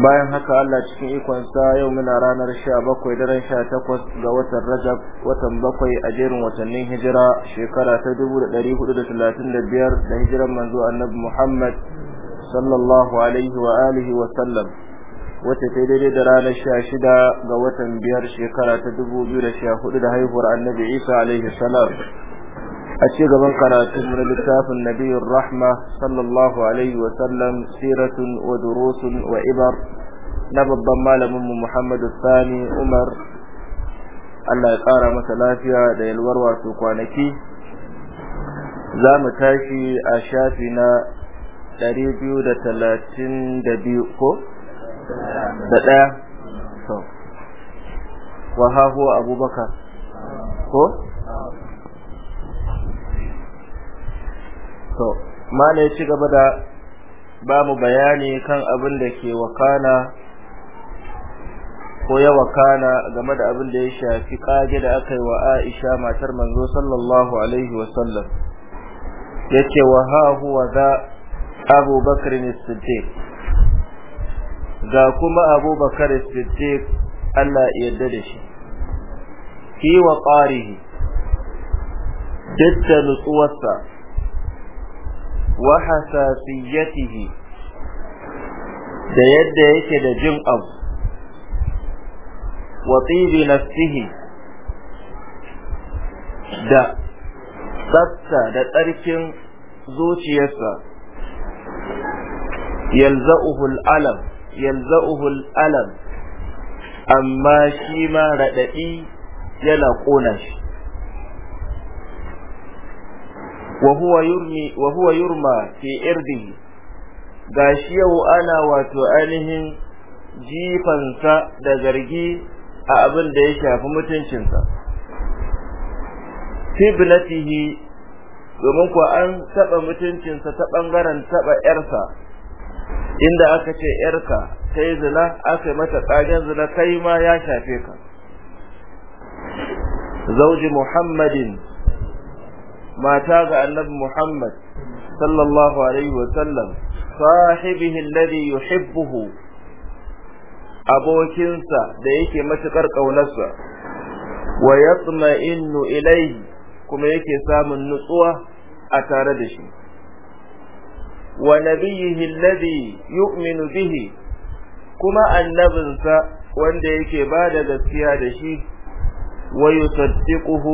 bayan haka Allah cikin ikonsa yau muna ranar 17 daren 18 ga watan Rajab watan bakwai a jerin watannin hijira shekara ta 1435 da hijiran manzo Annabi Muhammad sallallahu alaihi wa alihi wa sallam wata ta daidai da ranar 16 ga watan 5 shekara ta 2014 da haihuwar Annabi Isa alaihi salam a ci gaban karatun na littafin nabiyar rahma sallallahu alaihi wasallam siratun wa durusun wa ibar na babban malaminmu muhammadu sani umar allah ya kara masa lafiya da yalwar wasu kwanaki za mu tashi a shafi na 232 ko? da ɗaya? wa hahu abubakar ko? to malai ci gaba da babu bayani kan abin da ke wakana ko ya wakana game da abin da ya shafi kage da aka yi wa Aisha matar manzo sallallahu alaihi wa sallam yace wa ha huwa da Abu Bakr as-Siddiq ga kuma Abu Bakr as-Siddiq Allah ya yarda da shi ki wa qarihi dukkan nutsuwarsa wa hasasiyatihi da yadda yake da jin abu wa tibi nafsihi da tsafta da tsarkin zuciyarsa yalza'uhu al'alam yalza'uhu amma shi ma raɗaɗi yana ƙona shi wa huwa yurmi wa huwa yurma fi gashi yau ana wato ainihin jifansa da zargi a abin da ya shafi mutuncinsa fiblatihi domin kuwa an taɓa mutuncinsa ta ɓangaren taɓa ‘yarsa inda aka ce ‘yarka ta zina aka mata ƙagen zina kai ma ya shafe ka zauji muhammadin mata ga annabi Muhammad sallallahu alaihi wa sallam sahibihi alladhi yuhibbuhu abokinsa da yake matukar kaunarsa wa yatma'innu ilayhi kuma yake samun nutsuwa a tare da shi wa nabiyhi alladhi yu'minu bihi kuma annabinsa wanda yake ba da gaskiya da shi ويصدقه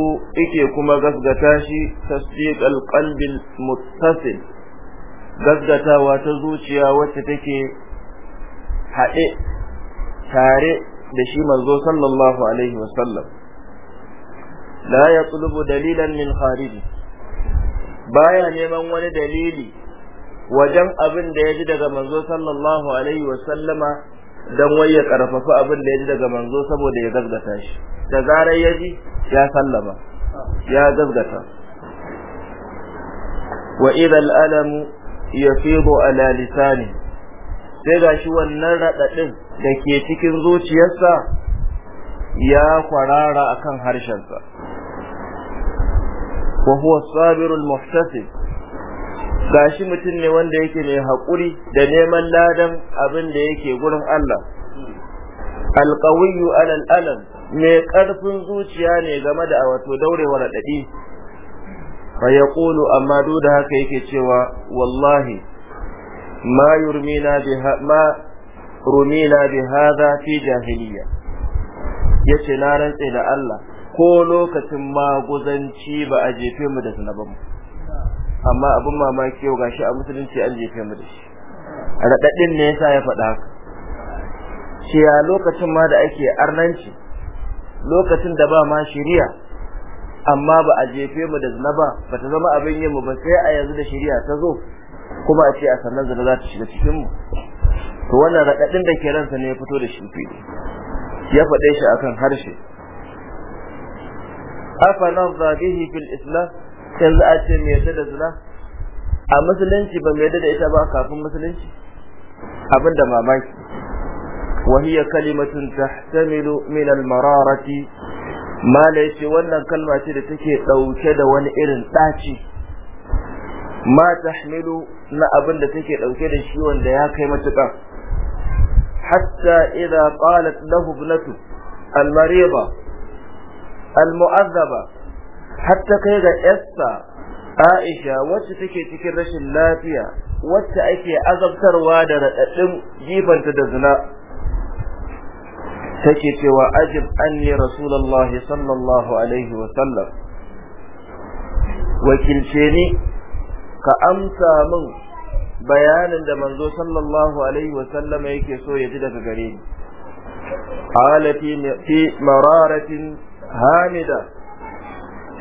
إكي كما غزغتاشي تصديق القلب المتصل غزغتا وتزوشيا وتتكي حقي تاري دشي منزو صلى الله عليه وسلم لا يطلب دليلا من خارجه baya neman wani dalili wajen abin da ya ji daga manzo sallallahu alaihi wasallama dan wai ya karfafa abin da ya ji daga manzo saboda ya gazgata shi da zarar yaji ya sallama ya gazgata wa idha al-alam yafidu ala lisani sai gashi wannan radadin da ke cikin zuciyarsa ya kwarara akan harshensa wa huwa as muhtasib gashi mutum ne wanda yake mai haƙuri da neman ladan abin da yake gurin Allah alƙawiyu alal alam mai ƙarfin zuciya ne game da wato daurewa raɗaɗi fa yaqulu amma duk da haka yake cewa wallahi ma yurmina bi ma rumina fi jahiliya yace na rantse da Allah ko lokacin maguzanci ba a jefe mu da zanabanmu amma abin mamaki yau gashi a musulunci an jefe mu da shi raɗaɗin ne yasa ya faɗa haka ya lokacin ma da ake arnanci lokacin da ba ma shiriya amma ba a jefe mu da zina ba bata ta zama abin yin mu ba sai a yanzu da shiriya ta zo kuma a ce a sannan zina za ta shiga cikin mu to wannan raɗaɗin da ke ransa ne ya fito da shi ya faɗe shi akan harshe afanan zabihi fil islam yanzu a ce mai yadda da zina a musulunci ba mai yadda da ita ba kafin musulunci abin da mamaki وهي كلمة ta من min ما ليس wannan kalma ce da take dauke da wani irin ɗaci. ma tahmilu na abin da take dauke da shi wanda ya kai matuka hatta idza qalat lahu ibnatu al-mariba al-mu'azzaba har ta kai ga Esther Aisha wacce take cikin rashin lafiya wacce ake azabtarwa da raɗaɗin jibanta da zina take cewa ajib anni rasulullahi sallallahu alaihi wa sallam wakilce ni ka amsa min bayanin da manzo sallallahu alaihi wa sallam yake so ya ji daga gare ni قال fi مرارة Hamida.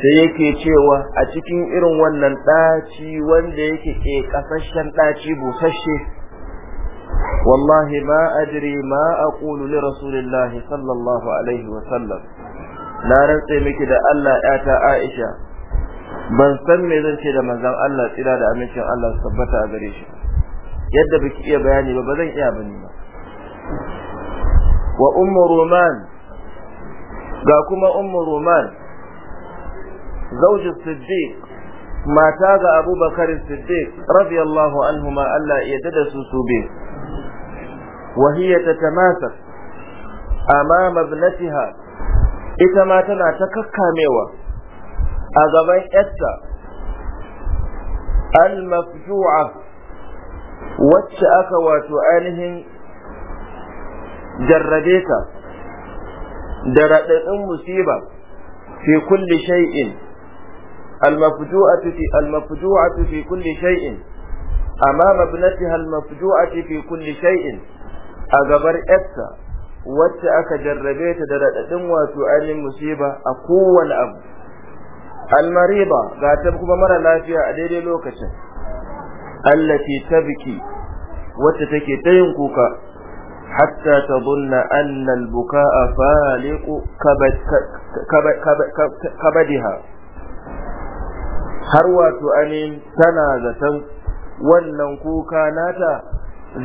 sai yake cewa a cikin irin wannan ɗaci wanda yake ke ƙasashen ɗaci busasshe wallahi ma adri ma aqulu ni rasulillah sallallahu alaihi wa sallam na rantse miki da Allah ta Aisha ban san me zan ce da mazan Allah tsira da amincin Allah su tabbata a gare shi yadda biki iya bayani ba zan iya bane ba wa ummu ga kuma ummu zaujin siddiq mata ga abubakar siddiq radiyallahu anhuma Allah ya da su su be wa hiya tatamasak amama ibnatiha ita ma tana ta kakkamewa a gaban yarta al-mafju'a wacce aka wato ainihin jarrabe da raɗaɗin musiba fi kulli shay'in المفجوعة في المفجوعة في كل شيء أمام ابنتها المفجوعة في كل شيء أجبر أبتا wacce aka jarrabe ta da raɗaɗin wato ainihin musiba a kowane abu almariba ga kuma mara lafiya a daidai lokacin allati tabki wacce take ta yin kuka hatta ta tadunna anna albuka'a faliqu kabadiha har wato ainihin tana zaton wannan kuka nata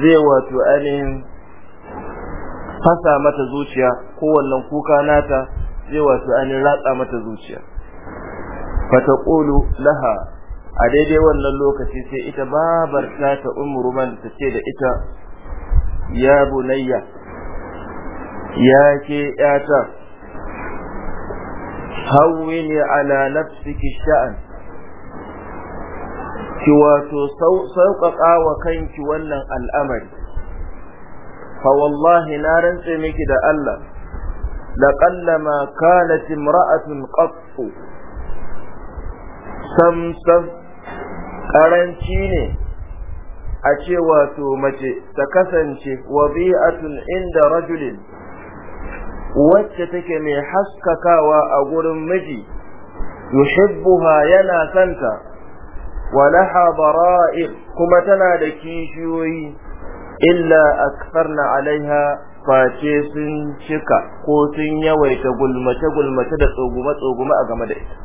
zai wato ainihin fasa mata zuciya ko wannan kuka nata zai wato ainihin ratsa mata zuciya fata laha a daidai wannan lokaci sai ita babar ta ta umruman ta ce da ita ya bunayya ya ke yata hawwini ala nafsiki sha'an ki wato sauƙaƙa wa kanki wannan al'amari fa wallahi na rantse miki da Allah qallama kanat imra'atun qattu sam sam karanci ne a ce wato mace ta kasance wadi'atun inda rajulin wacce take mai haskakawa a gurin miji yuhibbuha yana santa wa laha kuma tana da kishiyoyi illa akfarna alaiha face sun cika ko sun yawaita gulmace gulmace da tsoguma tsoguma a game da ita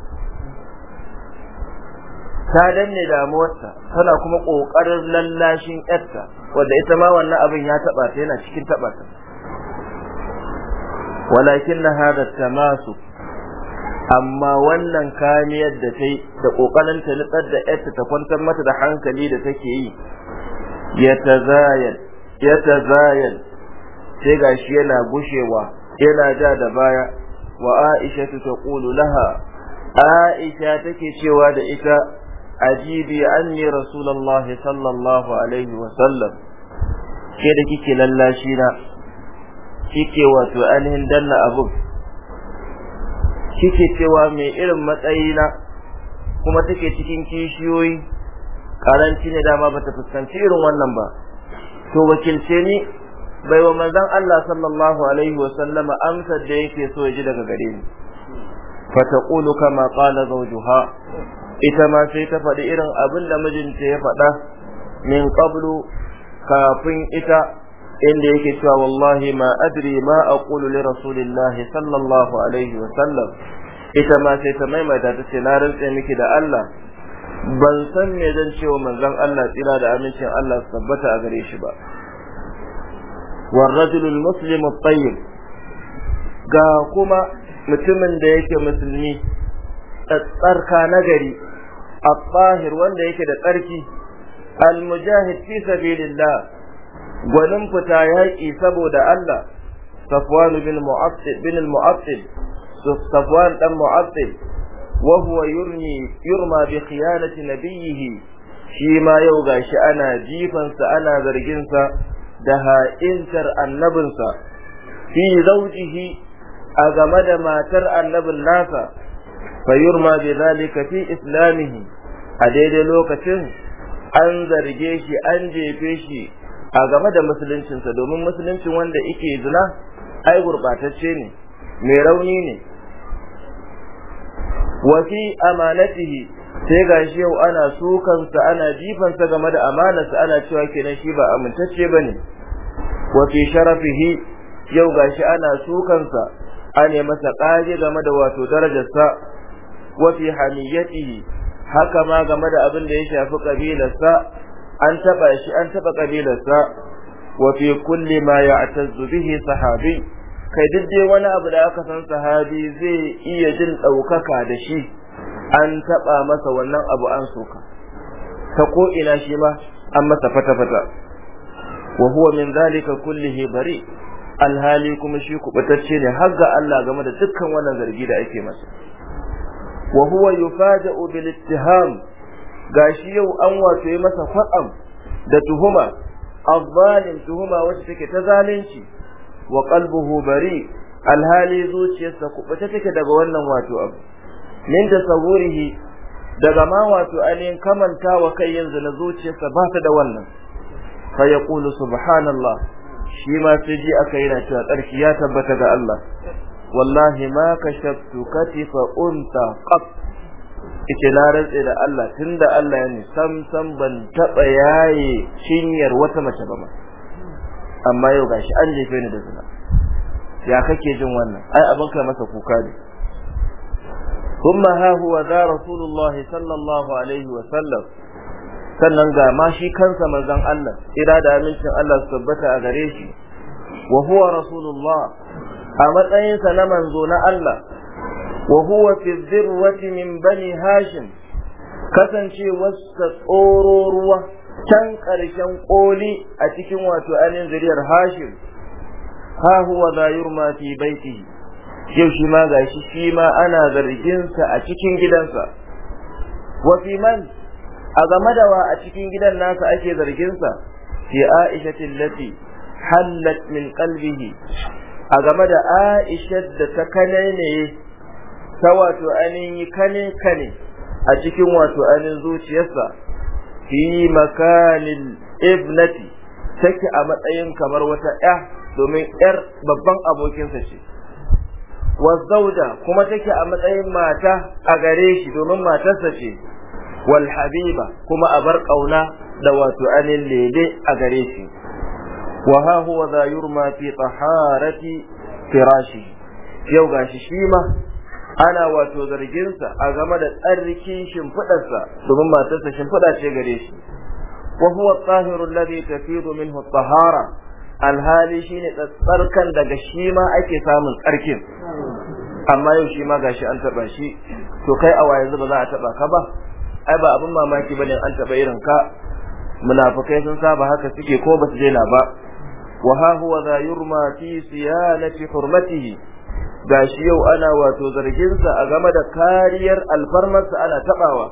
ta danne damuwarta tana kuma kokarin lallashin yarta wanda ita ma wannan abin ya taba ta yana cikin taba ta walakin na hada tamasu amma wannan kamiyar da ta yi da ƙoƙarin ta nutsar da yarta ta kwantar mata da hankali da take yi ya ta ya sai gashi yana gushewa yana ja da baya wa Aisha ta qulu laha Aisha take cewa da ita ajibi anni rasulullahi sallallahu alaihi wa sallam ke da kike lallashi na kike wato ainihin danna abu kike cewa me irin matsayi na, kuma take cikin kishiyoyi karanci ne dama bata fuskanci irin wannan ba to wakilce ni bai wa manzon Allah sallallahu alaihi wa sallama amsar da yake so ya ji daga gare ni fataqulu kama qala zawjuha ita ma sai ta faɗi irin abin da mijinta ya faɗa min qablu kafin ita inda yake cewa wallahi ma adri ma aqulu li rasulillahi sallallahu alaihi wa sallam ita ma sai ta maimaita ta ce na rantse miki da Allah ban san me zan ce wa manzon Allah tsira da amincin Allah su tabbata a gare shi ba والرجل المسلم tayyib ga kuma mutumin da yake musulmi tsarka nagari at-tahir wanda yake da tsarki al-mujahid fi sabilillah gwanin fita yaƙi saboda Allah Safwan bin Mu'attil Safwan ɗan Mu'attil wa yurmi yurma bi khiyanati nabiyhi shi ma yau gashi ana jifansa ana zarginsa da ha'intar annabinsa fi zawjihi a game da matar annabin nasa fayurma bi zalika fi islamihi a daidai lokacin an zarge shi an jefe shi a game da musuluncinsa domin musuluncin wanda yake zina ai gurbatacce ne mai rauni ne wafi amanatihi sai ga shi yau ana sukansa ana jifansa game da amanarsa ana cewa kenan shi ba amintacce ba ne wafi sharafihi yau ga shi ana sukansa ne masa ƙage game da wato darajarsa wafi hamiyatihi haka ma game da abin da ya shafi ƙabilarsa an taba shi an taba kabilarsa wa fi kulli ma ya'tazzu bihi sahabi kai duk wani abu da aka san sahabi zai iya jin daukaka da shi an taba masa wannan abu an soka ta ko ina shi ma an masa fata fata wa huwa min zalika kullihi bari alhali kuma shi kubatacce ne har ga Allah game da dukkan wannan zargi da ake masa wa huwa yufaja'u bil ittiham gashi yau an wato yi masa faɗan da tuhuma azzalim tuhuma wacce take ta zalunci wa qalbuhu bari alhali zuciyarsa kubuta take daga wannan wato abu min tasawurihi daga ma wato ainihin kamanta wa kai yanzu na zuciyarsa ba ta da wannan fa yaqulu subhanallah shi ma sai ji aka yana cewa tsarki ya tabbata ga Allah wallahi ma kashaftu katifa unta qat yace na rantse da Allah tunda Allah ya ne sam sam ban taba yaye cinyar wata mace ba ma amma yau gashi an jefe ni da zina ya kake jin wannan ai abin kai masa kuka ne kuma ha huwa da rasulullah sallallahu alaihi wa sallam sannan ga ma shi kansa manzon Allah ira da amincin Allah su tabbata a gare shi wa huwa rasulullah a matsayinsa na manzo na Allah wa huwa fi dhirwati min bani hashim kasancewarsa tsoro ruwa can ƙarshen ƙoli a cikin wato ainihin zuriyar hashim ha huwa za yurma fi baiti yau shi ma gashi shi ma ana zarginsa a cikin gidansa wa man a game da wa a cikin gidan nasa ake zarginsa fi aisha tillati hallat min kalbihi a game da aisha da ta kanai ne ta wato anin yi kane kane a cikin wato anin zuciyarsa fi makanin ibnati take a matsayin kamar wata ya domin yar babban abokinsa ce wazzauda kuma take a matsayin mata a gare shi domin matarsa ce wal habiba kuma a bar kauna da wato anin lele a gare shi wa ha huwa za yurma fi taharati firashi yau gashi shi ma ana wato zarginsa a game da tsarkin shimfiɗarsa domin matarsa shimfiɗa ce gare shi wa huwa at-tahiru alladhi tafidu minhu tahara alhali shine tsarkan daga shi ma ake samun tsarkin amma yau shi ma gashi an taba shi to kai a waye ba za a taba ka ba ai ba abin mamaki bane an taba irin ka munafikai sun saba haka suke ko ba su daina ba wa ha huwa za yurma fi siyanati hurmatihi gashi yau ana wato zarginsa a game da kariyar alfarmarsa ana tabawa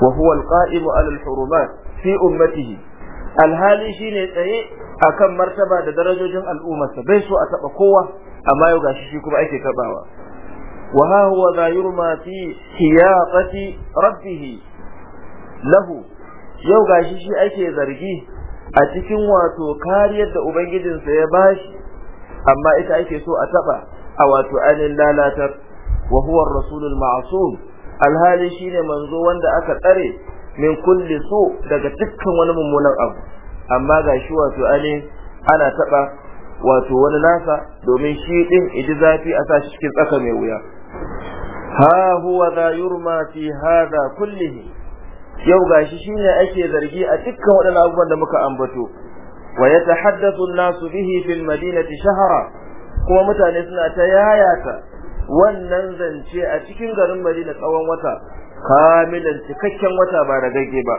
wa huwa alqa'imu ala alhurumat fi ummatihi alhali shine tsaye akan martaba da darajojin al'ummarsa bai so a taba kowa amma yau gashi shi kuma ake tabawa wa ha huwa za yurma fi hiyaqati rabbih lahu yau gashi shi ake zargi a cikin wato kariyar da ubangijinsa ya bashi amma ita ake so a taba a wato ainihin lalatar wa rasulun rasulul ma'sum alhali shine manzo wanda aka tsare min kulle su daga dukkan wani mummunan abu amma ga shi wato ainihin ana taba wato wani nasa domin shi ɗin idi zafi a sashi cikin tsaka mai wuya ha huwa za yurma fi hada kullihi yau gashi shine ake zargi a dukkan waɗannan abubuwan da muka ambato wa yatahaddathu an-nasu bihi fil madinati shahara kuma mutane suna ta yayata wannan zance a cikin garin Madina tsawon wata kamilan cikakken wata ba ragage ba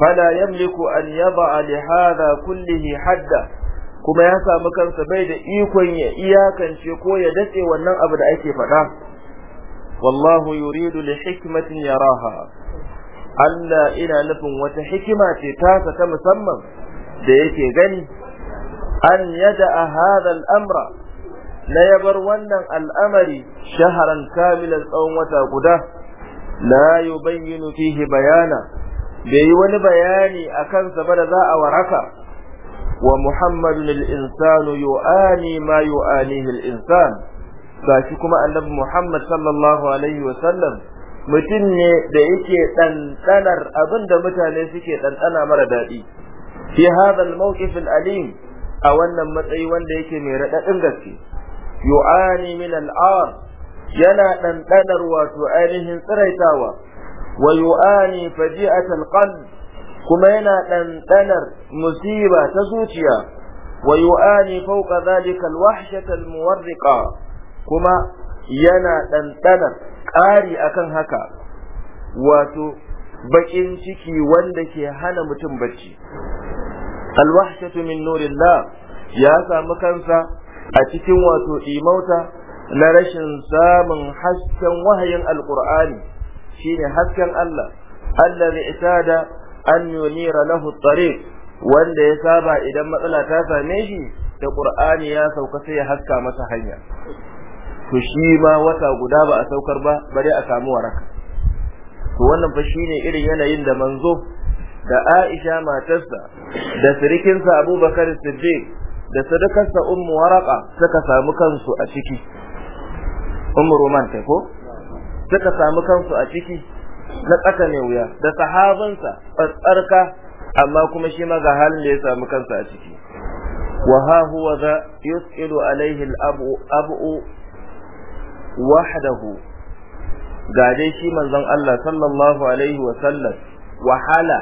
fala yamliku an yaba li hadha kullihi hadda kuma ya samu kansa bai da ikon ya iyakance ko ya datse wannan abu da ake faɗa wallahu yuridu li hikmatin yaraha Allah ina nufin wata hikima ce tasa ta musamman da yake gani an yada a al-amra na ya bar wannan al'amari shaharan kamilan tsawon wata guda la yubayyinu fihi bayana bai yi wani bayani a kansa ba da za a waraka wa muhammadun al-insanu yu'ani ma yu'anihi al-insan kuma annabi muhammad sallallahu alaihi wa sallam mutum ne da yake ɗanɗanar abin da mutane suke ɗanɗana mara daɗi fi hadal mawqif alim a wannan matsayi wanda yake mai raɗaɗin gaske yu'ani min al'ar yana ɗanɗanar wato ainihin tsiraitawa wa yu'ani faji'atal qalb kuma yana ɗanɗanar musiba ta zuciya wa yu'ani fawqa dhalika al-wahshata al-muwarriqa kuma yana ɗanɗanar ƙari akan haka wato baƙin ciki wanda ke hana mutum bacci alwahshatu min nurillah ya samu kansa a cikin wato imauta na rashin samun hasken wahayin alqur'ani shine hasken Allah allazi itada an yunira lahu tariq wanda ya saba idan matsala ta same shi da Ƙur'ani ya sauka sai ya haska masa hanya to shi ma wata guda ba a saukar ba bare a samu waraka to wannan fa shine irin yanayin da manzo da Aisha matarsa da sirikinsa Abubakar Siddiq da sadakarsa ummu waraka suka samu kansu a ciki ummu roman ta ko suka samu kansu a ciki na tsaka ne wuya da sahabansa tsarka amma kuma shi ma ga halin da ya samu kansa a ciki wa ha huwa za yus'ilu alaihi al-abu abu wahdahu ga dai shi manzon Allah sallallahu alaihi wa sallam wahala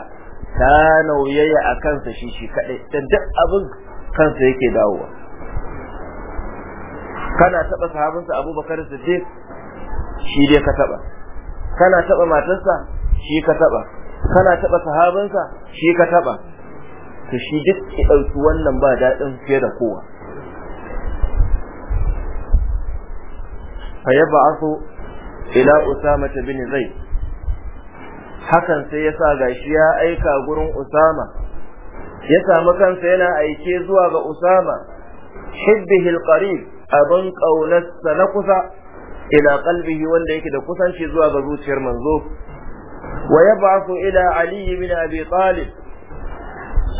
ta nauyaya a kansa shi shi kadai dan duk abin kansa yake dawowa kana taba sahabinsa abubakar siddiq shi dai ka taba kana taba matarsa shi ka taba kana taba sahabinsa shi ka taba to shi duk ki dauki wannan ba dadin fiye da kowa fa ba'athu ila usama bin zaid hakan sai ya sa gashi ya aika gurin usama ya samu kansa yana aike zuwa ga Usama hibbihi alqarib abin ƙaunarsa na kusa ila qalbihi wanda yake da kusanci zuwa ga zuciyar manzo wa yab'athu ila Ali ibn Abi Talib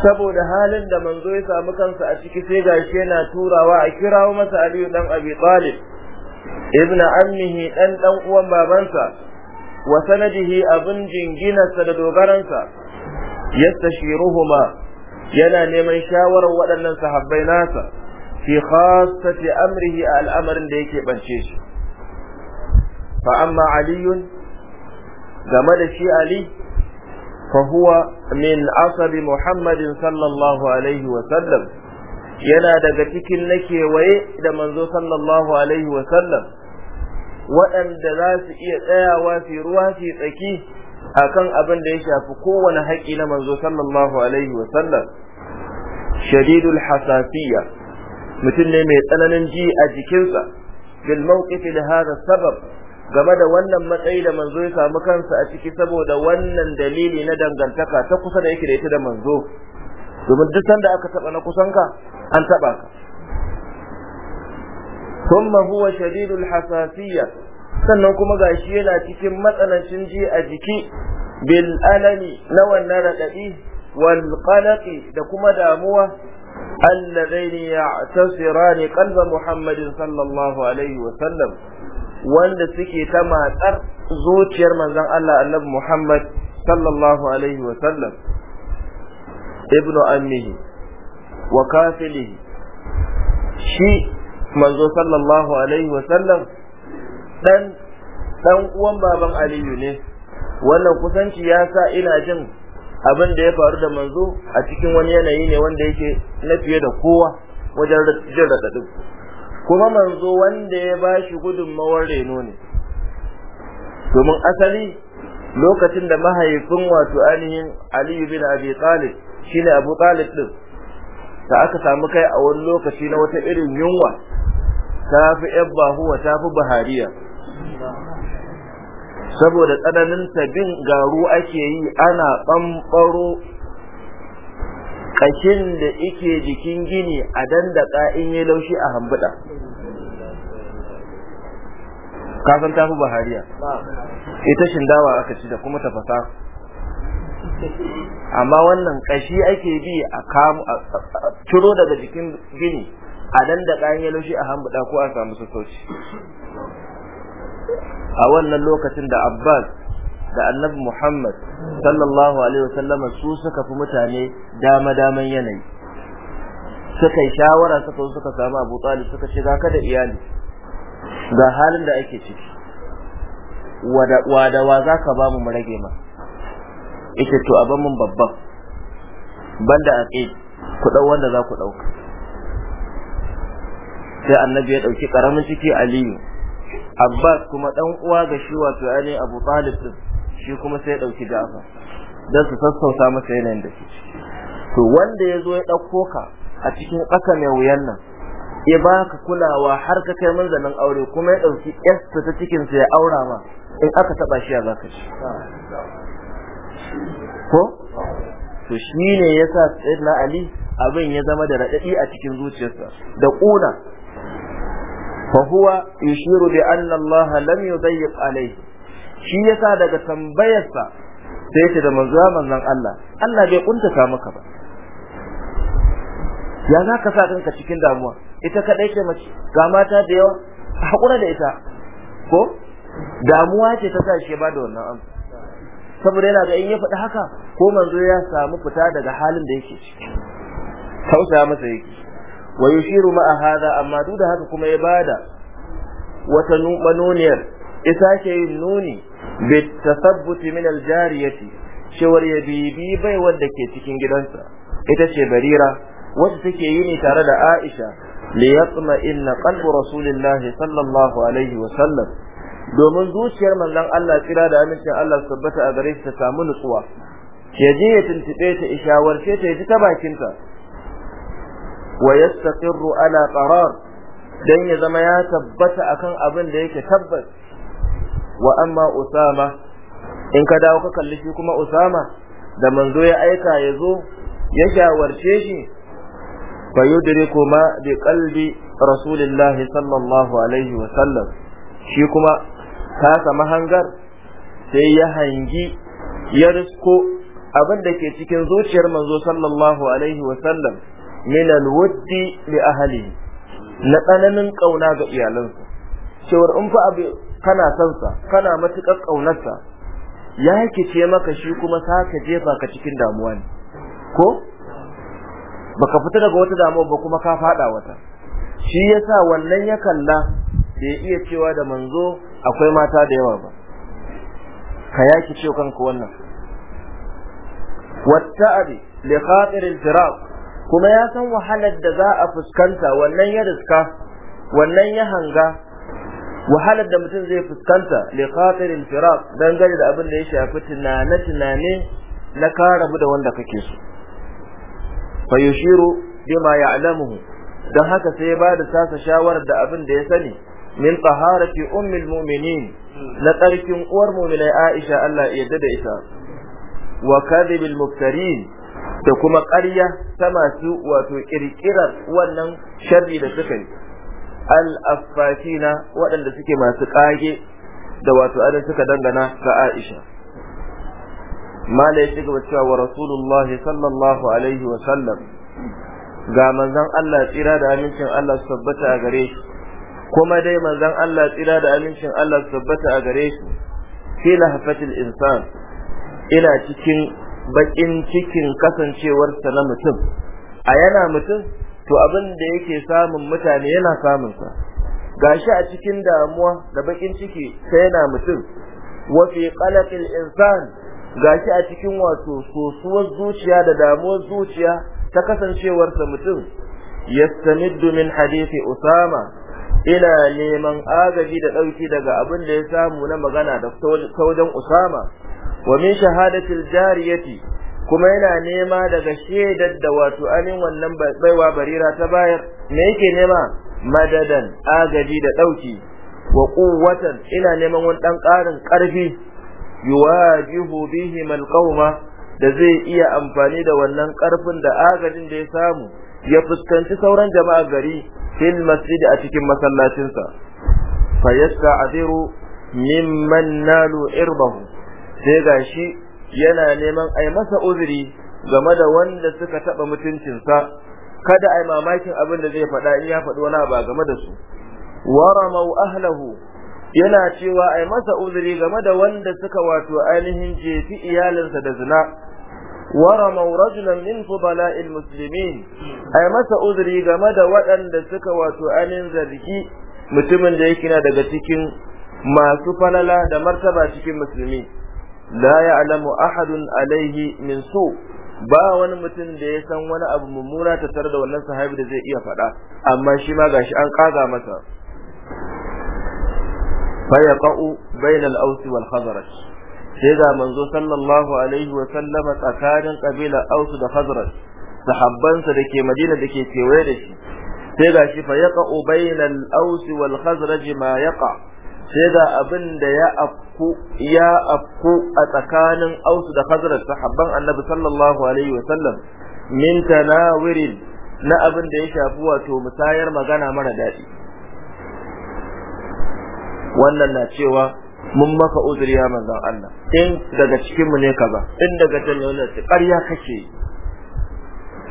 saboda halin da manzo ya samu kansa a ciki sai gashi yana turawa a kirawo masa Ali dan Abi Talib ibn ammihi dan dan uwan babansa wa sanadihi abin jinginarsa da dogaransa yastashiruhuma yana neman shawarar waɗannan sahabbai nasa fi khassati amrihi a al'amarin da yake bance shi fa amma aliyun game da shi ali fa huwa min asabi muhammadin sallallahu alaihi wa sallam yana daga cikin na kewaye da manzo sallallahu alaihi wa sallam waɗanda za su iya tsayawa fi ruwa fi tsaki akan abin da ya shafi kowane haƙi na manzo sallallahu alaihi wa sallam shadidul hasasiyya mutum ne mai tsananin ji a jikinsa bil mawqifi li hadha sabab game da wannan matsayi da manzo ya samu kansa a ciki saboda wannan dalili na dangantaka ta kusa da yake da ita da manzo domin duk sanda aka taba na kusanka an taba ka thumma huwa sharidul hasasiyya sannan kuma gashi yana cikin matsanancin ji a jiki bil nawa na wannan wal da kuma damuwa allazaini ya'tasirani qalba muhammadin sallallahu alaihi wa wanda suke ta matsar zuciyar manzon Allah annabi Muhammad sallallahu ibnu ammihi wa kafilihi shi manzo sallallahu alaihi wa sallam dan uwan baban Aliyu ne wannan kusanci ya sa ina jin abin da ya faru da manzo a cikin wani yanayi ne wanda yake na fiye da kowa wajen jin raɗaɗin kuma manzo wanda ya ba shi gudunmawar reno ne domin asali lokacin da mahaifin wato ainihin aliyu bin abi talib ne abu talib din da aka samu kai a wani lokaci na wata irin yunwa ta fi ƴan bahuwa ta fi bahariya saboda tsananin bin garu ake yi ana ɓamɓaro ƙashin da ike jikin gini a dandaka in yi laushi a hambuɗa ta tafi bahariya ita shindawa aka ci da kuma tafasa amma wannan ƙashi ake bi a kamu a ciro daga jikin gini a dandaka in yi laushi a hambuɗa ko a samu sassauci a wannan lokacin da Abbas da Annabi Muhammad sallallahu alaihi wasallam su suka fi mutane dama daman yanayi suka yi shawara suka suka samu Abu Talib suka ce ga ka da iyali ga halin da ake ciki wada wada wa zaka ba mu rage ma ita to aban mun babban banda a ce ku dau wanda za ku dauka sai annabi ya dauki karamin ciki aliyu abbas kuma dan uwa ga shi wato ali abu talib shi kuma sai dauki jafar dan su sassauta masa yanayin da shi to wanda ya zo ya ɗauko ka a cikin ƙasa mai wuyan nan ya baka kulawa har ka kai manzanin aure kuma ya ɗauki yasta ta cikin sa ya aura ma in aka taɓa shi a zaka shi ko to shi ne yasa sa na ali abin ya zama da raɗaɗi a cikin zuciyarsa da ƙuna fa huwa yushiru bi anna Allah lam yudayyiq alayhi shi yasa daga tambayarsa sai ce da manzo manzon Allah Allah bai kuntata maka ba ya za ka sa kanka cikin damuwa ita kadai ce mace ga da yawa hakura da ita ko damuwa ce ta sa shi ba da wannan amsa saboda yana ga in ya faɗi haka ko manzo ya samu fita daga halin da yake ciki tausaya masa yake wa yushiru ma'a hada amma duk da haka kuma ya bada wata manoniyar ya ke yin nuni bi tasabbuti min aljariyati shawar ya bibi bai wanda ke cikin gidansa ita ce barira wacce take ne tare da Aisha li yatma inna qalbu rasulillah sallallahu alaihi wa sallam domin zuciyar manzon Allah tsira da amincin Allah tabbata a gare shi ta samu nutsuwa ya je ya tuntube ta ce ta ya ji ta bakinta wa yastaqirru ala qarar dan ya zama ya tabbata akan abin da yake tabbas wa amma usama in ka dawo ka kalli shi kuma usama da manzo ya aika ya zo ya shawarce shi fa yudriku ma bi qalbi rasulillahi sallallahu alaihi wa sallam shi kuma kasa mahangar sai ya hangi ya risko abin da ke cikin zuciyar manzo sallallahu alaihi wa sallam min wuddi li ahli na tsananin kauna ga iyalansa cewar in fa abu kana san sa kana matukar kaunarsa ya yake ce maka shi kuma saka jefa ka cikin damuwa ne ko baka fita daga wata damuwa ba kuma ka fada wata shi yasa wannan ya kalla da iya cewa da manzo akwai mata da yawa ba ka yake ce kanka wannan watta'abi li khatir al-firaq kuma ya san wahalar da za a fuskanta wannan ya riska wannan ya hanga wahalar da mutum zai fuskanta li khatirin firaq gari da abin da ya shafi tunane tunane na ka da wanda kake so fa yushiru bima ya'lamuhu dan haka sai ya bada sasa shawarar da abin da ya sani min taharati ummul mu'minin na tsarkin uwar mu'minai Aisha Allah ya yarda da ita wa kadhibil muftarin da kuma ƙarya ta masu wato ƙirƙirar wannan sharri da suka yi al-affafina waɗanda suke masu ƙage da wato adan suka dangana ga Aisha mala ya shiga cewa wa Rasulullah sallallahu alaihi wa sallam ga manzon Allah tsira da amincin Allah su tabbata a gare shi kuma dai manzon Allah tsira da amincin Allah su tabbata a gare shi fi lahafatil insan ina cikin bakin cikin kasancewarsa na mutum a yana mutum to abin da yake samun mutane yana samunsa gashi a cikin damuwa da bakin ciki sai yana mutum wa fi qalqil insan gashi a cikin wato sosuwar zuciya da damuwar zuciya ta kasancewarsa mutum yastamiddu min hadisi usama ila neman agaji da dauki daga abin da ya samu na magana da saudan usama wa min shahadatil jariyati kuma yana nema daga shedar da wato anin wannan baiwa barira ta bayar me yake nema madadan agaji da dauki wa quwwatan ina neman wani dan karin karfi yuwajihu bihi qauma da zai iya amfani da wannan karfin da agajin da ya samu ya fuskanci sauran jama'a gari fil masjid a cikin masallacinsa fa yasta'diru mimman nalu irbahu sai shi yana neman ai masa uzuri game da wanda suka taba mutuncinsa kada ai mamakin abin da zai faɗa in ya faɗi wani ba game da su waramau ahlahu yana cewa ai masa uzuri game da wanda suka wato ainihin jefi iyalinsa da zina waramau rajulan min fudala'il muslimin ai masa uzuri game da waɗanda suka wato ainihin zargi mutumin da yake na daga cikin masu falala da martaba cikin musulmi la alamu ahadun alaihi min su ba wani mutum da ya san wani abu mummuna ta tare da wannan sahabi da zai iya faɗa amma shi ma gashi an kaza masa fa yaqa'u bayna al-aws wal khazraj sai ga manzo sallallahu alaihi wa sallama tsakanin kabila aus da khazraj sahabbansa da ke madina da ke kewaye da shi sai ga shi fa yaqa bainal aus wal khazraj ma yaqa sai ga abin da ya afku ya afku a tsakanin ausu da hazrat sahabban annabi sallallahu alaihi wa sallam min tanawirin na abin da ya shafi wato musayar magana mara daɗi wannan na cewa mun maka uzuri ya manzon Allah in daga cikin mu ne kaza in daga can ne wannan ƙarya kake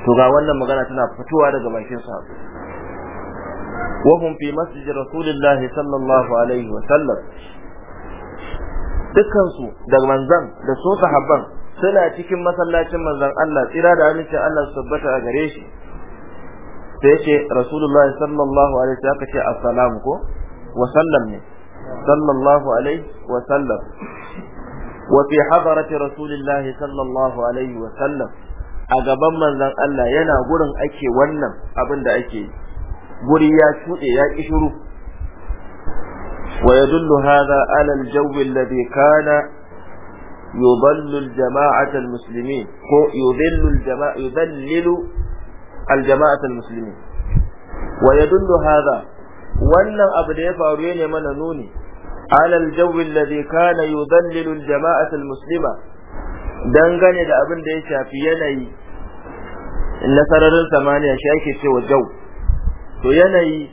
to ga wannan magana tana fitowa daga bakin sa وهم في مسجد رسول الله صلى الله عليه وسلم dukansu da manzan da su sahabban suna cikin masallacin manzan Allah tsira da amincin Allah su tabbata a gare shi sai yace rasulullahi sallallahu alaihi wasallam kace assalamu ko wa sallam ne sallallahu alaihi wa sallam wa fi hadarati rasulillahi sallallahu alaihi wa sallam a gaban manzan Allah yana gurin ake wannan abin da ake yi guri ya shuɗe ya ƙi shiru wa yadullu hadha ala al kana yudallu al-jama'at al-muslimin ko wannan abu da ya faru ne mana nuni ala al-jawi kana dangane da abin da ya shafi yanayi na sararin samaniya shi ake cewa Jau. wato yanayi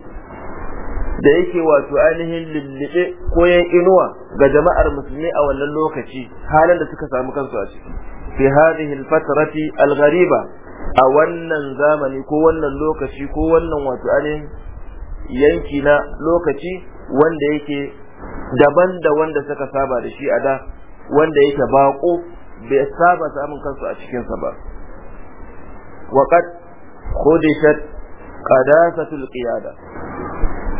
da yake wato ainihin lullube ko yan inuwa ga jama'ar musulmi a wannan lokaci halin da suka samu kansu a ciki fi hadhihi al-fatrati al-ghariba a wannan zamani ko wannan lokaci ko wannan wato ainihin yanki na lokaci wanda yake daban da wanda suka saba da shi a da wanda yake bako bai saba samun kansu a cikinsa ba waqad khudishat qadasatul qiyada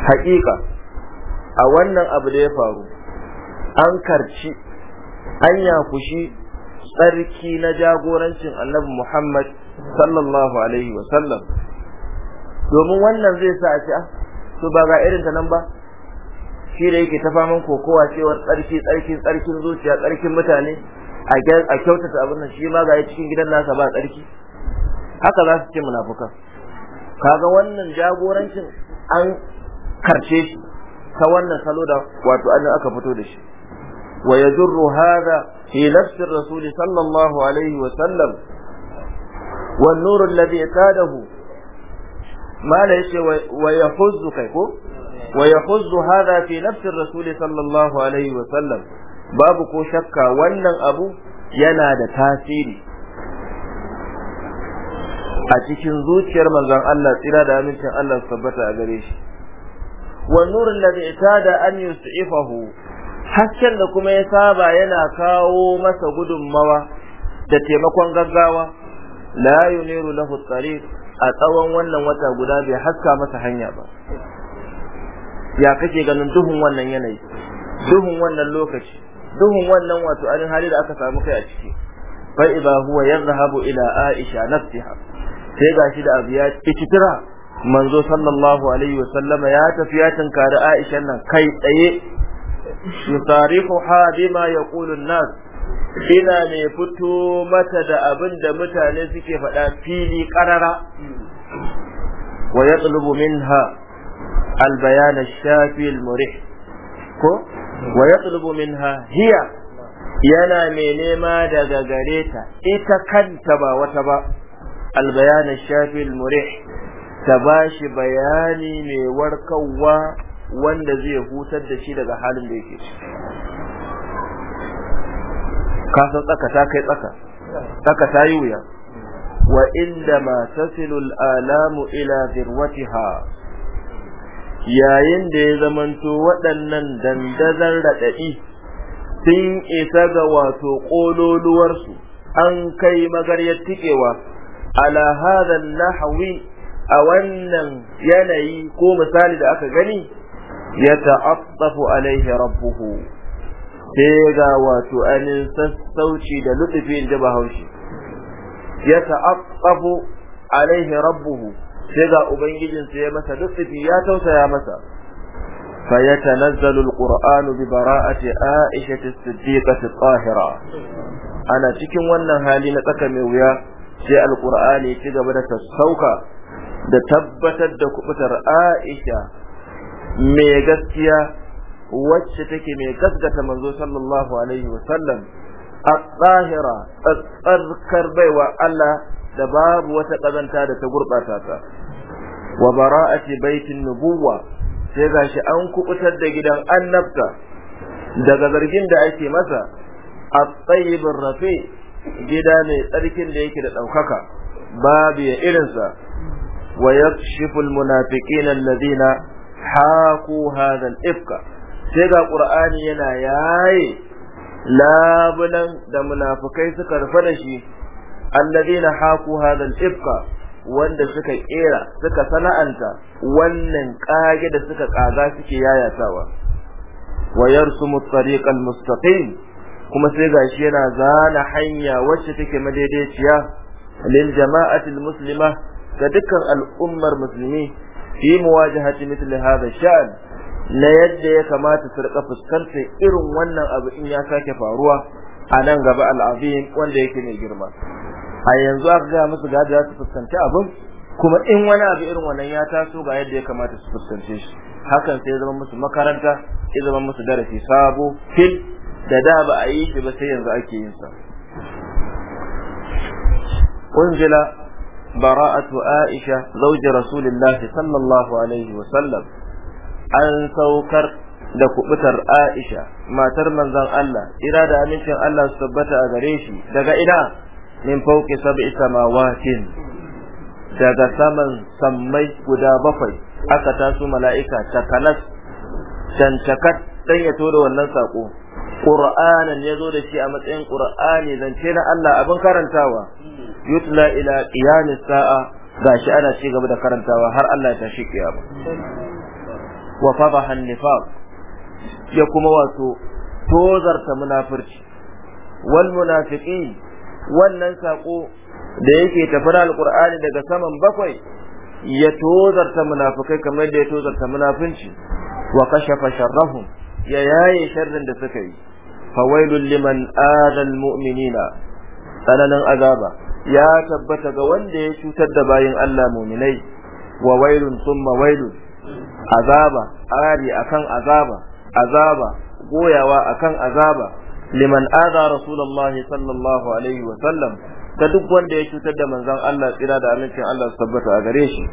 haƙiƙa a wannan abu da ya faru an karci an yakushi tsarki na jagorancin annabi Muhammad sallallahu alaihi wa sallam domin wannan zai sa a ce ah, to ba ga irin ta nan ba shi da yake ta faman kokowa cewar tsarki tsarkin tsarkin zuciya tsarkin mutane a kyautata abin nan shi ma ga cikin gidan nasa ba tsarki haka za su ce munafukan kaga wannan jagorancin an karshe shi ta wannan salo da wato an aka fito da shi wa yajurru hadha fi nafsi rasuli sallallahu alaihi wa sallam wan nuru alladhi kadahu mala yace wa yahuzzu kai ko wa yahuzzu hadha fi nafsi rasuli sallallahu alaihi wa sallam babu ko shakka wannan abu yana da tasiri a cikin zuciyar manzon Allah tsira da amincin Allah tabbata a gare shi wa nurul ladhi itada an yus'ifahu hasken da kuma ya saba yana kawo masa gudunmawa da taimakon gaggawa la yuniru lahu tariq a tsawon wannan wata guda bai haska masa hanya ba ya kake ganin duhun wannan yanayi duhun wannan lokaci duhun wannan wato anin hali da aka samu kai a ciki fa idha huwa yadhhabu ila aisha nafsiha sai gashi da abu ya manzo sallallahu alaihi wa sallama ya tafi ya tinkari Aisha nan kai tsaye yusarifu hadima yaqulu an-nas ina ne fito mata da abin da mutane suke faɗa fili karara wa yatlubu minha al-bayan ash-shafi al-murih ko wa yatlubu minha hiya yana mai nema daga gareta ita kanta ba wata ba البيان الشافي المريح تباشي بياني مي وركوا wanda zai hutar da shi daga halin da yake ciki ka san tsaka ta kai tsaka tsaka ta yi wuya wa inda ma tasilu al'alamu ila zirwatiha yayin da ya zamanto waɗannan dandazar raɗaɗi sun isa ga wato ƙololuwarsu an kai magaryar tikewa ala hadha nahwi a wannan yanayi ko misali da aka gani ya ta'attafu alaihi rabbuhu sai ga wato anin sassauci da lutufi da bahaushe ya ta'attafu alaihi rabbuhu sai ga ubangijinsa ya masa lutufi ya tausaya masa فيتنزل القرآن ببراءة عائشة الصديقة الطاهرة Ana cikin wannan hali na tsaka mai wuya sai alqur'ani ci gaba da sassauka da tabbatar da kubutar Aisha mai gaskiya wacce take mai gaskata manzo sallallahu alaihi wasallam at-tahira tsarkar baiwa Allah da babu wata kazanta da ta gurɓata ta wa bara'ati baitin nubuwwa sai gashi an kubutar da gidan annabta daga zargin da ake masa a tayyibur rafi gida mai tsarkin da yake da ɗaukaka babu ya irinsa wa yakshiful munafiqin alladhina haqu hadha al-ifka sai ga qur'ani yana yaye labulan da munafikai suka rufe da shi alladhina haqu hadha al-ifka wanda suka kera suka sana'anta wannan kage da suka kaza suke yayatawa wa yarsumu tariqal mustaqim kuma sai gashi yana zana hanya wacce take madaidaiciya lil jama'atil muslima da dukkan al'ummar musulmi fi muwajahati mithli hadha sha'an na yadda ya kamata su rika fuskantar irin wannan abu in ya sake faruwa a nan gaba al'azim wanda yake mai girma a yanzu aka ga musu ga da su fuskanci abin kuma in wani abu irin wannan ya taso ga yadda ya kamata su fuskance shi hakan sai ya zama musu makaranta ya zama musu darasi sabo fil da da ba a yi shi ba sai yanzu ake yin sa unzila bara'atu aisha zauji rasulillahi sallallahu alaihi wa sallam an saukar da kubutar aisha matar manzon Allah ira da amincin Allah su tabbata a gare shi daga ina min fauki sab'i samawatin daga saman sammai guda bakwai aka taso mala'ika takanas cancakat dan ya tura wannan sako qur'anan yazo da shi a matsayin qur'ani zance na Allah abin karantawa yutla ila qiyamis sa'a gashi ana ci gaba da karantawa har Allah ya tashi kiyama wa fadaha nifaq ya kuma wato tozarta munafirci wal munafiqin wannan sako da yake tafi na alqur'ani daga saman bakwai ya tozarta munafikai kamar da ya tozarta munafinci wa kashafa sharrahum ya yaye sharrin da suka yi fawailul liman adal mu'minina tsananin azaba ya tabbata ga wanda ya cutar da bayin Allah mu'minai wa wailun summa wailun azaba ari akan azaba azaba goyawa akan azaba liman adha rasulullahi sallallahu alaihi wa sallam ga duk wanda ya cutar da manzon Allah tsira da amincin Allah su tabbata a gare shi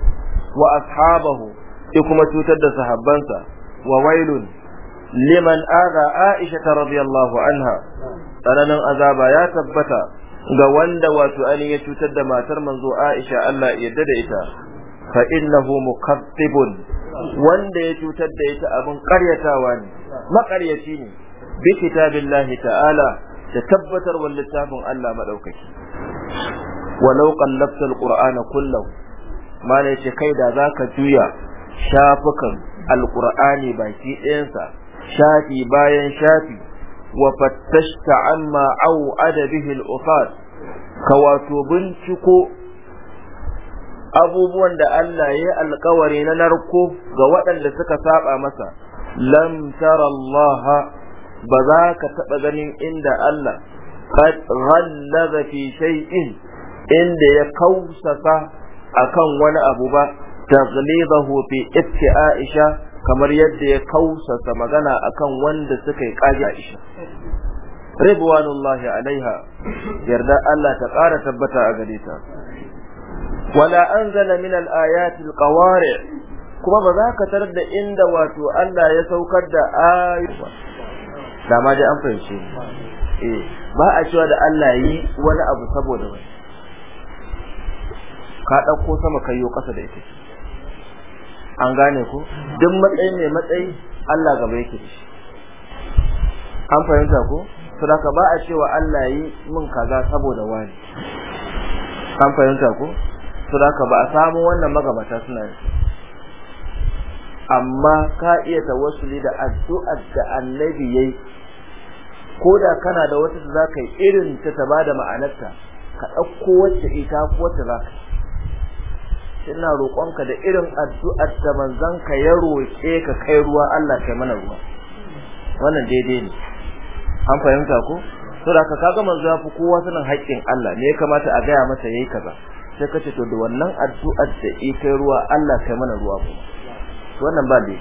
wa ashabahu ya kuma cutar da sahabbansa wa wailun liman aza aisha ta radiyallahu anha tsananin azaba ya tabbata ga wanda wato ani ya cutar da matar manzo aisha Allah ya yarda da ita fa innahu mukaththibun wanda ya cutar da ita abin karyatawa ne makaryaci ne bi kitabillahi ta'ala da tabbatar wa littafin Allah madaukaki walau qallabta alqur'ana kullahu mala ce kai da zaka juya shafukan alqur'ani baki ɗayansa shafi bayan shafi wa fattashta amma au adabihi al-ufat ka wato binciko abubuwan da Allah ya alkawari na narko ga waɗanda suka saba masa lam tarallaha ba za ka taɓa ganin inda Allah qad ghallaza fi shay'in inda ya kausasa akan wani abu ba taghlidahu fi itti aisha kamar yadda ya kausasa magana akan wanda suka yi kaji Aisha ridwanullahi alaiha yarda Allah ta ƙara tabbata a gare ta wala anzala min al-ayati qawari kuma ba za ka tarar da inda wato Allah ya saukar da ayyuka da ma da an fahimci. eh ba a cewa da Allah yi wani abu saboda wani ka ɗauko sama kayo ƙasa da ita an gane ku duk matsayi mai matsayi Allah gaba yake shi an fahimta ku da ka ba a cewa Allah yi min kaza saboda wani an fahimta ku da ka ba a samu wannan magabata suna yi amma ka iya tawassuli da addu'ar da annabi yayi ko da kana da wata da zaka yi irin ta ta bada ma'anarta ka dauko wacce ita ko wacce zaka ina roƙonka da irin addu'ar da manzanka ya roƙe ka kai ruwa Allah kai mana ruwa wannan daidai ne an fahimta ko saboda ka kaga manzo ya fi kowa sanin haƙƙin Allah ne ya kamata a gaya masa yayi kaza sai ka ce to da wannan addu'ar da yi kai ruwa Allah kai mana ruwa ko wannan ba dai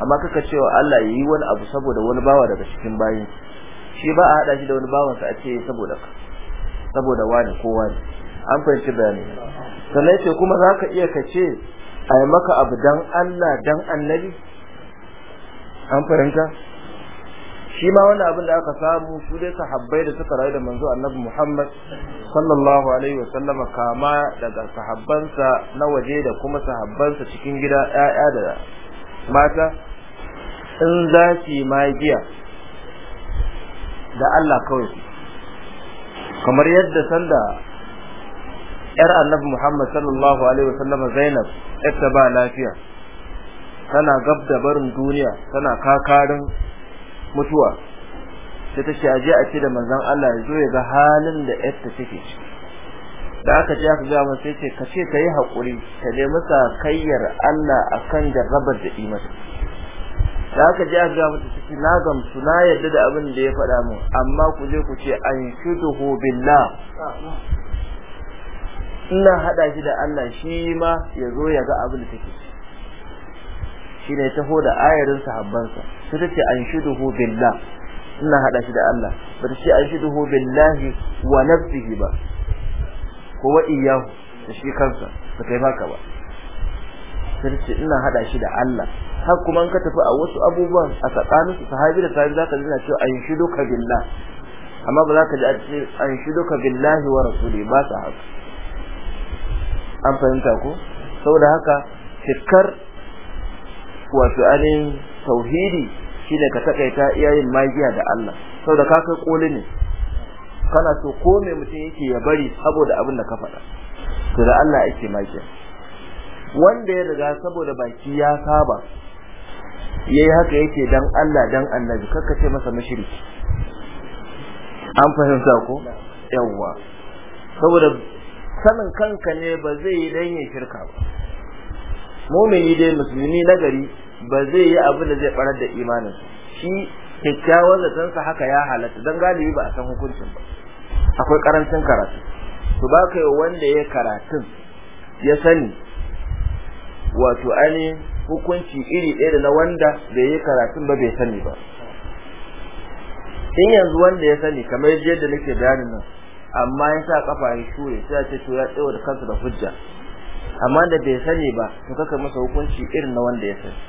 amma kaka cewa Allah yi wani abu saboda wani bawa daga cikin bayin shi ba a hada shi da wani bawansa a ce saboda ka saboda wani ko wani an fahimci bayani sannan ce kuma za ka iya kace a maka abu dan Allah dan annabi an fahimta shi ma wani abin da aka samu su dai sahabbai da suka rayu da manzo annabi Muhammad sallallahu alaihi wa sallama kama daga sahabbansa na waje da kuma sahabbansa cikin gida yaya da mata in za su yi magiya da Allah kawai kamar yadda sanda yar annabi Muhammad sallallahu alaihi wasallam Zainab ita ba lafiya tana gab da barin duniya tana kakarin mutuwa sai ta ce aje a ce da manzon Allah ya zo ya ga halin da yarta take ciki da aka ji aka gama sai ce ka ce ta yi haƙuri ta nemi kayyar Allah akan jarrabar da yi mata da aka ji aka gama sai na gamsu na yadda da abin da ya faɗa min amma ku je ku ce an shudu billah ina hada shi da Allah shi ma ya zo ya ga abin da take shi ne taho da ayarin sahabbansa su ta ce an shiduhu billah ina hada shi da Allah ba ta ce an shiduhu billahi wa nafsihi ba ko wa iyahu da shi kansa ba kai baka ba sai ce ina hada shi da Allah har kuma an ka tafi a wasu abubuwan a tsakanin su sahabi da sahabi zaka ji na cewa an shiduka billah amma ba za ka ji a ce an shuduka billahi wa rasuli ba sa haka an fahimta ko saboda haka fikar wato ainihin tauhidi shi ne ka takaita iyayen magiya da Allah saboda ka kai koli ne kana so ko me mutum yake ya bari saboda abin da ka faɗa to da Allah ake magiya wanda ya riga saboda baki ya saba yayi haka yake dan Allah dan annabi kakka ce masa mushriki an fahimta ko yawa saboda sanin kanka ne ba zai yi dan yin shirka ba mumini dai musulmi na gari ba zai yi abin da zai barar da imanin shi kyakkyawan zaton haka ya halatta dan galibi ba a san hukuncin ba akwai karancin karatu to ba kai wanda ya karatun ya sani wato ani hukunci iri ɗaya da na wanda bai yi karatun ba bai sani ba in yanzu wanda ya sani kamar yadda nake bayanin nan amma ya sa kafa ya shure sai ya ce to ya tsewa da kansa da hujja amma da bai sani ba to kaka masa hukunci irin na wanda ya sani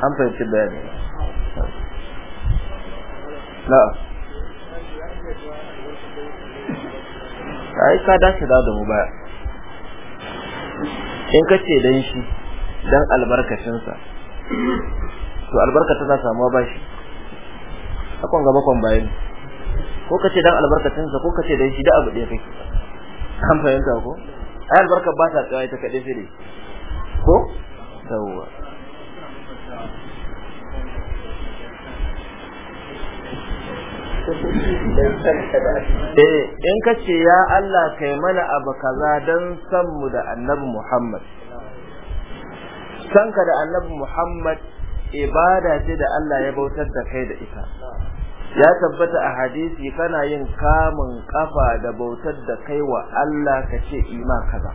an fahimci bayani na ai ka dace da da mu baya in ka ce dan shi dan albarkacin sa to albarkata ta samuwa ba shi akon gaba kon bayani ko ka ce dan sa ko ka ce dan shi da abu ɗaya yake an fahimta ko ai albarkar ba ta tsaya ta kaɗai ne ko yawwa eh in ka ce ya Allah kai mana abu kaza dan san mu da annabi Muhammad san ka da annabi Muhammad ibada ce da Allah ya bautar da kai da ita ya tabbata a hadisi kana yin kamun kafa da bautar da kaiwa, Allah ka ce ima kaza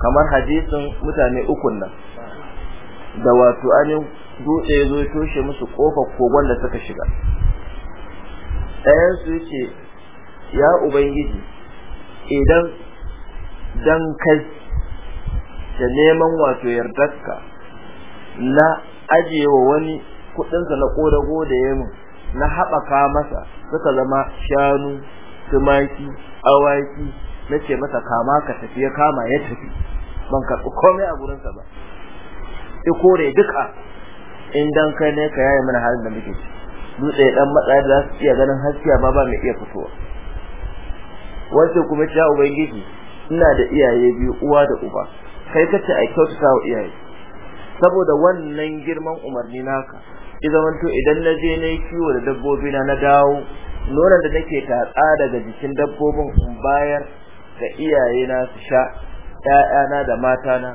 kamar hadisin mutane ukun nan da wato an dutse zo toshe musu kofar kogon da suka shiga ɗayan su ce ya ubangiji idan dan kai da neman wato yardarka na ajiyewa wani kudinsa na ƙodago da yamin na haɓaka masa suka zama shanu tumaki awaki na ce masa kama ka tafi ya kama ya tafi ban karɓi komai a gurinsa ba ya kore duka in dan kai ne ka yaye mana halin da muke ci dutse dan matsa da za su iya ganin haskiya ma ba mai iya fitowa wace kuma ta ubangiji ina da iyaye biyu uwa da uba kai kace a kyautata wa iyaye saboda wannan girman umarni naka zamanto idan na je na yi kiwo da dabbobi na na dawo nonon da nake tatsa daga jikin dabbobin in bayar ga iyaye na su sha 'ya'yana da mata na,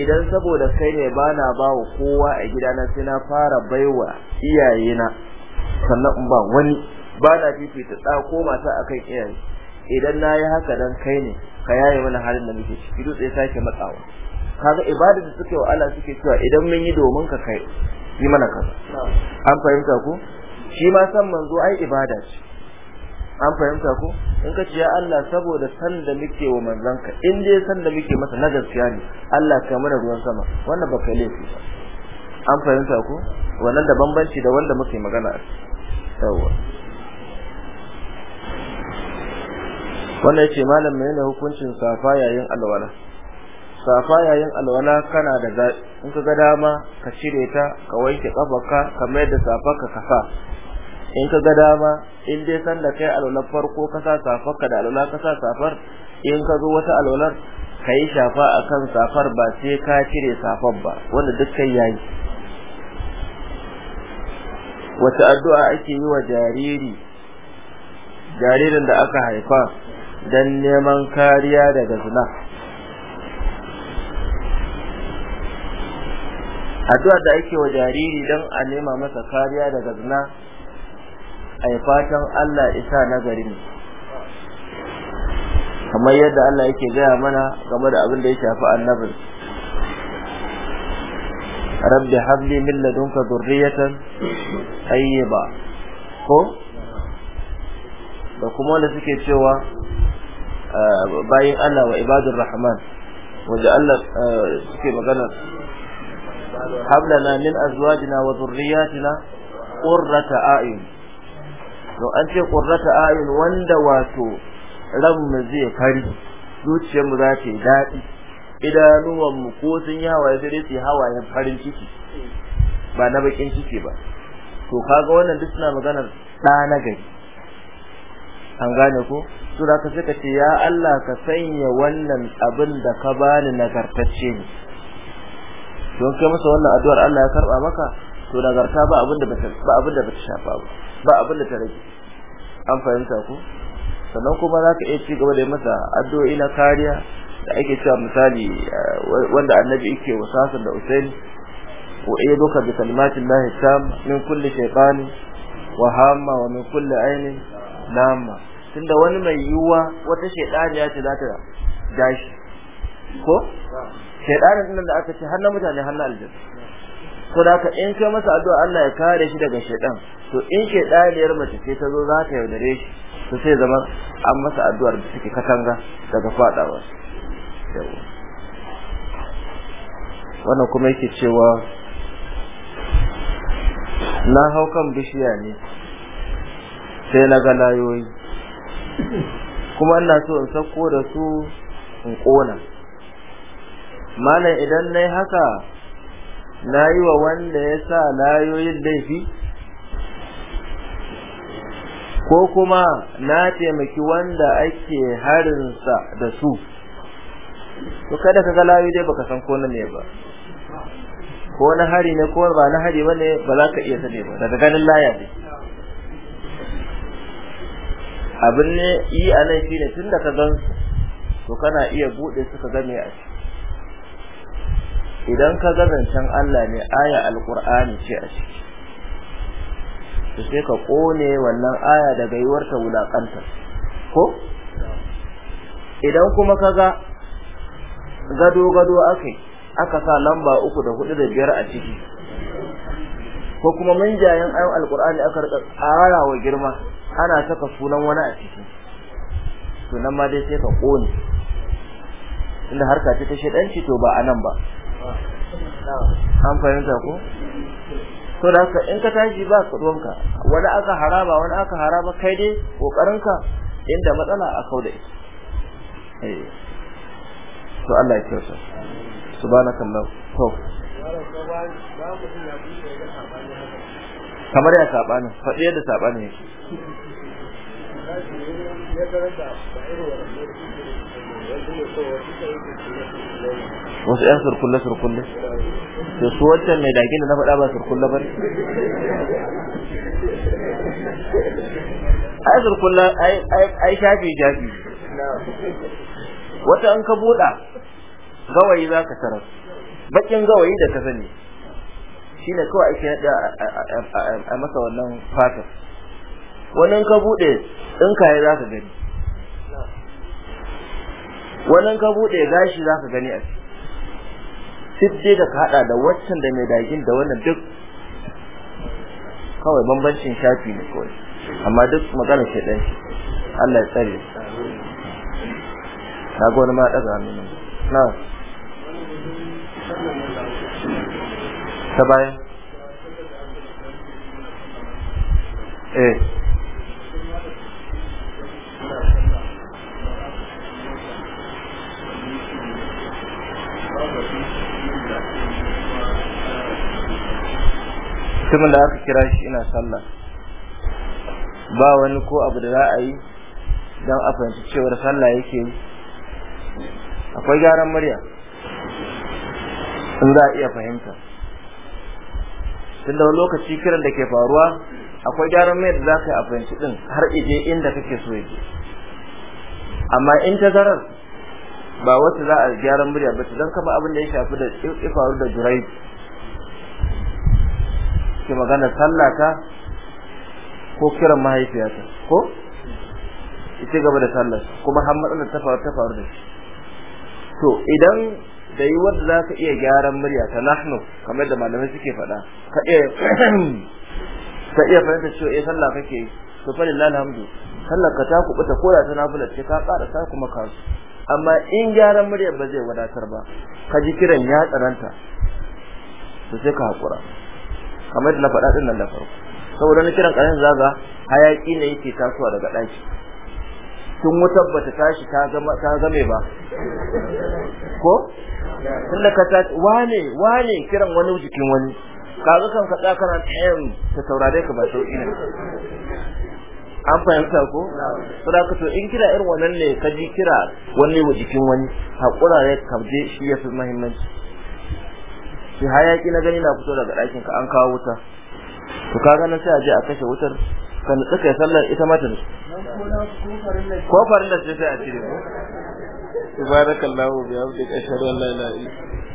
idan saboda kai ne bana ba kowa a gidana sai na fara baiwa iyaye na sannan in ba wani bana fifita tsa ko mata akan iyaye idan nayi haka dan kai ne ka yaye mana halin da muke ciki dutse sake matsawa kaga ibadar da suke wa Allah suke cewa idan mun yi domin ka kai yi mana kaza an fahimta ku? shi ma san manzo ai ibada ce an fahimta ku? in ka ce ya Allah saboda san da muke wa ka in dai san da muke masa na gaskiya ne Allah ka mana ruwan sama wannan ba kai laifi ba an fahimta ku? wannan da bambanci da wanda muke magana a yawa wannan ce malam ne hukuncin safa yayin alwala safa yayin alwala kana da ga in ka ga dama ka cire ta ka wanke kafarka ka mayar da safarka ka sa in ka ga dama in dai san da kai alwalar farko ka sa safarka da alwala ka sa safar in ka zo wata alwalar ka yi shafa a kan safar ba sai ka cire safar ba wanda duk kai yayi wata addu'a ake yi wa jariri jaririn da aka haifa don neman kariya daga zina addu'a da ake wa jariri don a nema masa kariya daga zina a yi fatan Allah isa nagari ne kamar yadda Allah yake gaya mana game da abin da ya shafi annabin rabbi habli min ladunka zurriyatan tayyiba ko da kuma wanda suke cewa eh, bayin Allah wa ibadur rahman wanda Allah eh, suke magana hab lana min azwajina wa dhurriyyatina qurrata a'yun to an ce qurrata a'yun wanda wato ranmu zai fari zuciyarmu za ta yi daɗi idanuwanmu ko sun yi hawaye sai dai yi hawayen farin ciki ba na bakin ciki ba to kaga wannan duk suna maganar ɗa na gari an gane ko su da ka ce ya Allah ka sanya wannan abin da ka bani nagartacce ni? Don kai masa wannan addu'ar Allah ya karba maka to nagarta ba abin da ba abin da ba ta shafa ba ba abin da ta rage an fahimta ku sannan kuma za ka iya ci gaba da masa addu'o'i na kariya da ake cewa misali eh, wanda annabi yake wa sasan da usaini wa ayyaduka bi kalimatin lahi tam min kulli shaytani wa hamma wa min kulli ainin lamma tunda wani mai yiwuwa wata ya ce za ta gashi ko shedanin din da aka ce har na mutane har na aljanna da ka in kai masa addu'a Allah ya kare shi daga shedan to in shedaniyar mace ce ta zo za ta yaudare shi to sai zama an masa addu'ar da suke katanga daga fadawa wannan kuma yake cewa na hau kan bishiya ne sai na ga layoyi kuma ina so in sauko da su in ƙona. malam idan nayi haka nayi wa wanda ya sa layoyin laifi ko kuma na taimaki wanda ake harinsa da su to kada ka ga layoyi dai baka san ko na ne ba ko na hari ne ko ba na hari bane ba za ka iya sani ba daga ganin laya ne abin ne yi a nan ne tun da ka gan to kana iya buɗe suka game a ciki idan ka ga zancen Allah ne aya alqur'ani ce a ciki to sai ka kone wannan aya daga yiwarta wulakanta ko idan kuma ka ga gado gado akai aka sa lamba uku da hudu da biyar a ciki ko kuma manjayen ayon alkur'ani aka rika tsara wa girma ana saka sunan wani a ciki sunan ma dai sai ka kone inda harka ce ta shedanci to ba anan ba an fahimta ko to da haka in ka tashi ba ruwanka wani aka haraba wani aka haraba kai dai kokarinka inda matsala a kauda eh to Allah ya subhanaka Allah to kamar ya sabani fadi yadda sabani yake wasu yan surkulle surkulle da su wancan mai dage da na faɗa ba surkulle ba ai surkulle ai shafi shafi wata an ka buɗa gawayi za ka tarar bakin gawayi da ka sani ne kawai ake yadda a masa wannan fatar wani ka buɗe in kayi za ka gani wannan ka bude gashi zaka gani a ciki sitte da ka da waccan da mai dagin da wannan duk kawai bambancin shafi ne kawai amma duk magana ce dan shi Allah ya tsare Na ga wani ma daga hannu na ta bayan eh mutumin da aka kira shi ina sallah ba wani ko abu da za a yi don a fahimci cewar sallah yake yi akwai gyaran murya in za a iya fahimta tun da lokaci kiran da ke faruwa akwai gyaran murya da za ka yi a fahimci din har ije inda kake so ya amma in ta zarar ba wata za a gyaran murya ba ta don kama abin da ya shafi da faru da jirai. ake magana sallata ko kiran mahaifiyata ko ita gaba da sallar kuma har matsalar ta faru ta faru da shi to idan da yi wanda za ka iya gyaran murya ta nahnu kamar da malamai suke faɗa ka iya ka iya fahimta cewa eh sallah kake yi to fa lillahi alhamdu sallar ka ta kubuta ko da ta nafila ce ka ƙara ta kuma ka amma in gyaran murya ba zai wadatar ba ka ji kiran ya tsananta to sai ka haƙura kamar da na faɗa ɗin nan da farko saboda na kiran ƙarin zaga hayaki ne yake tasowa daga ɗaki tun wutar bata tashi ta gama ta zame ba ko da ka tashi wane wane kiran wani jikin wani ka kan kanka tsaya kana tsayin ta saurare ka ba sauƙi ne an fahimta ko saboda to in kira irin wannan ne ka ji kira wani jikin wani hakura ne ka je shi fi muhimmanci ce hayaki na gani na fito daga ɗakin ka an kawo wuta to kaga nan sai a je a kashe wutar kan tsaka ya sallar ita mata ne ko farin da sai a cire ko subhanakallahu bihamdika ashhadu an la ilaha illa